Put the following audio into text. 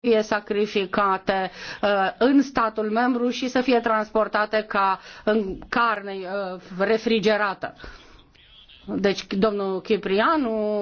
fie sacrificate uh, în statul membru și să fie transportate ca în carne uh, refrigerată. Deci domnul Ciprianu